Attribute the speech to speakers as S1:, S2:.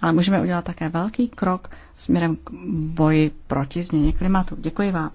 S1: ale můžeme udělat také velký krok směrem k boji proti změně klimatu. Děkuji vám.